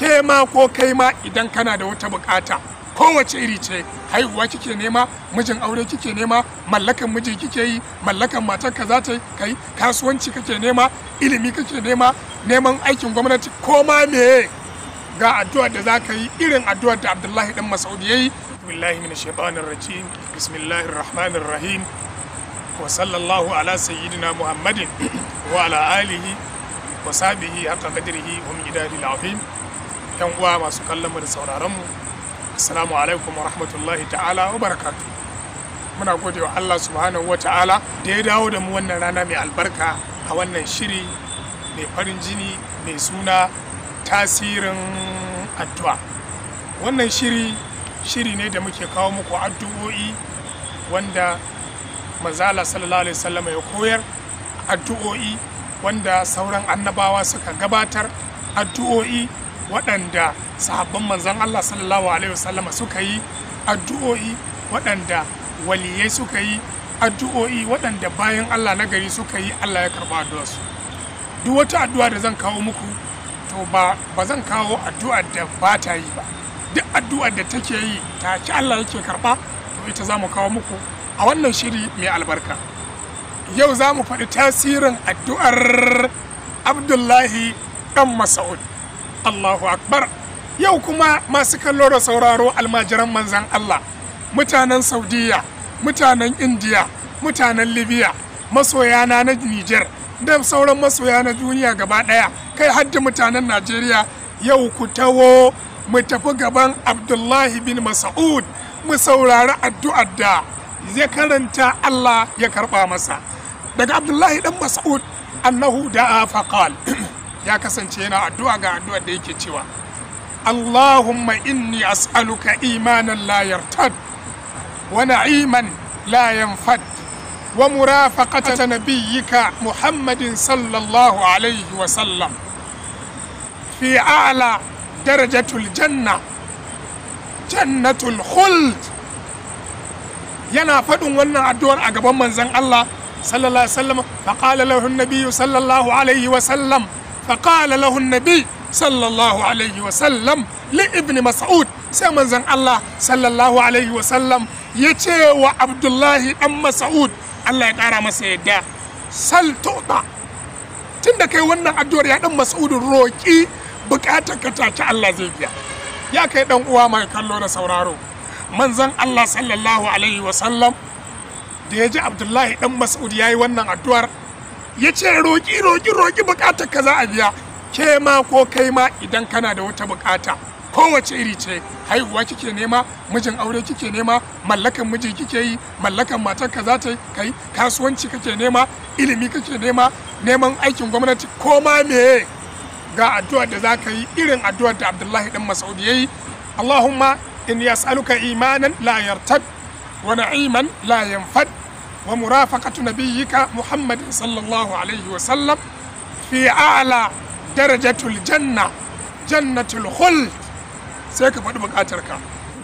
ke ma ko kai ma idan kana da wata bukata kowace iri ce haihuwa kike nema mijin aure kike nema mallakan miji kike yi mallakan matar ka za ta kai kasuwanci kake nema ilimi kake nema neman aikin gwamnati ko ma me. ga addu'ar da za ka yi irin addu'ar da abdullahi dan masaudi ya yi billahi min shaitanir rajim bismillahir rahmanir rahim wa sallallahu ala sayyidina muhammadin wa ala alihi wa sahbihi haqa qadrihi wa min idadil yan uwa masu kallon mu da sauraron mu assalamu alaikum wa rahmatullahi ta'ala wa barakatu muna gode Allah subhanahu wa ta'ala da ya dawo da mu wannan rana mai albarka a wannan shiri mai farin jini mai suna tasirin addu'a wannan shiri shiri ne da muke kawo muku addu'o'i wanda manzala sallallahu alaihi wasallam ya koyar addu'o'i wanda sauran annabawa suka gabatar addu'o'i waɗanda sahabban manzon Allah sallallahu alaihi wasallama suka yi addu'o'i waɗanda waliyai suka yi addu'o'i waɗanda bayan Allah na gari suka yi Allah ya karɓa su? duk wata addu'a da zan kawo muku to ba zan kawo addu'ar da ba ta yi ba duk addu'ar da take yi ta ki Allah yake karɓa to ita za mu kawo muku a wannan shiri mai albarka yau za mu faɗi tasirin addu'ar abdullahi ɗan masa'ud Allahu Akbar yau kuma masu kallo da sauraro almajiran manzan Allah mutanen Saudiya mutanen Indiya mutanen Libya masoyana na Niger da sauran masoya na duniya gaba ɗaya kai haddi mutanen Najeriya yau ku tawo mu tafi gaban Abdullahi bin Mas'ud mu saurari addu'ar da ya karanta Allah ya karɓa masa daga Abdullahi dan Mas'ud annahu da'a faqal ya kasance yana addu'a ga addu'ar da yake cewa Allahumma inni as'aluka imanan la yartad wa na'iman la yanfad wa murafaqata nabiyyika Muhammadin sallallahu alaihi wa sallam fi a'la darajatul janna jannatul khuld yana faɗin wannan addu'ar a gaban manzon Allah sallallahu alaihi wa sallam faqala lahu an-nabiyyu sallallahu alaihi wa sallam. فقال له النبي صلى الله عليه وسلم لابن مسعود sai manzon Allah sallallahu alaihi wasallam ya ce wa Abdullahi dan Mas'ud Allah ya kara masa yadda sal tuɗa tun kai wannan addu'ar ya ɗan Mas'ud roƙi bukatar ka take Allah zai biya ya kai dan uwa mai kallo da sauraro manzon Allah sallallahu alaihi wasallam da ya ji Abdullahi dan Mas'ud yayi wannan addu'ar ya ce roƙi roƙi roƙi buƙatar ka za a biya ke ma ko kai ma idan kana da wata buƙata kowace iri ce haihuwa kike nema mijin aure kike nema mallakan miji kike yi mallakan matar ka za ta kai kasuwanci kake nema ilimi kake nema neman aikin gwamnati ko ma meye ga addu'ar da za ka yi irin addu'ar da abdullahi ɗan masaud ya yi allahumma in yas'aluka imanan la yartab wa na'iman la yanfad wa murafaqatu nabiyyika muhammadin sallallahu alaihi wa fi a'la darajatul janna jannatul khuld sai ka faɗi buƙatar ka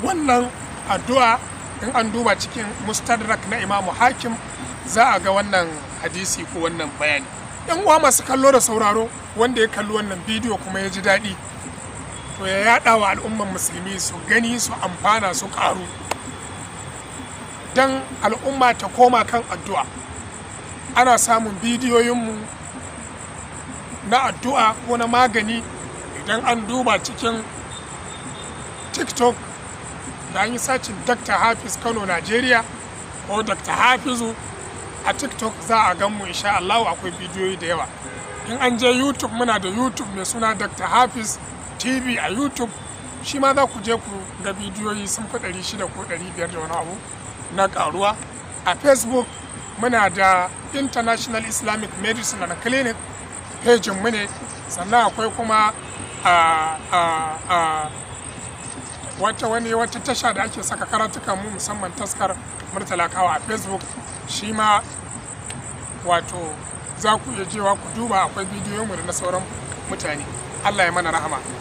wannan addu'a in an duba cikin mustadrak na imamu hakim za a ga wannan hadisi ko wannan bayani yan uwa masu kallo da sauraro wanda ya kalli wannan bidiyo kuma ya ji daɗi to ya yaɗa wa al'umman musulmi su gani su amfana su ƙaru don al'umma ta koma kan addu'a ana samun bidiyoyinmu na addu'a ko na magani idan an duba cikin tiktok da an yi sacin dr hafiz kano nigeria ko dr hafizu a tiktok za a ganmu insha Allah akwai bidiyoyi da yawa in an je youtube muna da youtube mai suna dr hafiz tv a youtube shi ma za ku je ku ga bidiyoyi sun fi 600 ko 500 da wani abu na karuwa a facebook muna da international islamic medicine and clinic pejin mu ne sannan akwai kuma a wata wani wata tasha da ake saka karatukan mu musamman taskar murtala kawa a facebook shi ma wato za ku iya jewa ku duba akwai bidiyon mu da na sauran mutane allah ya mana rahama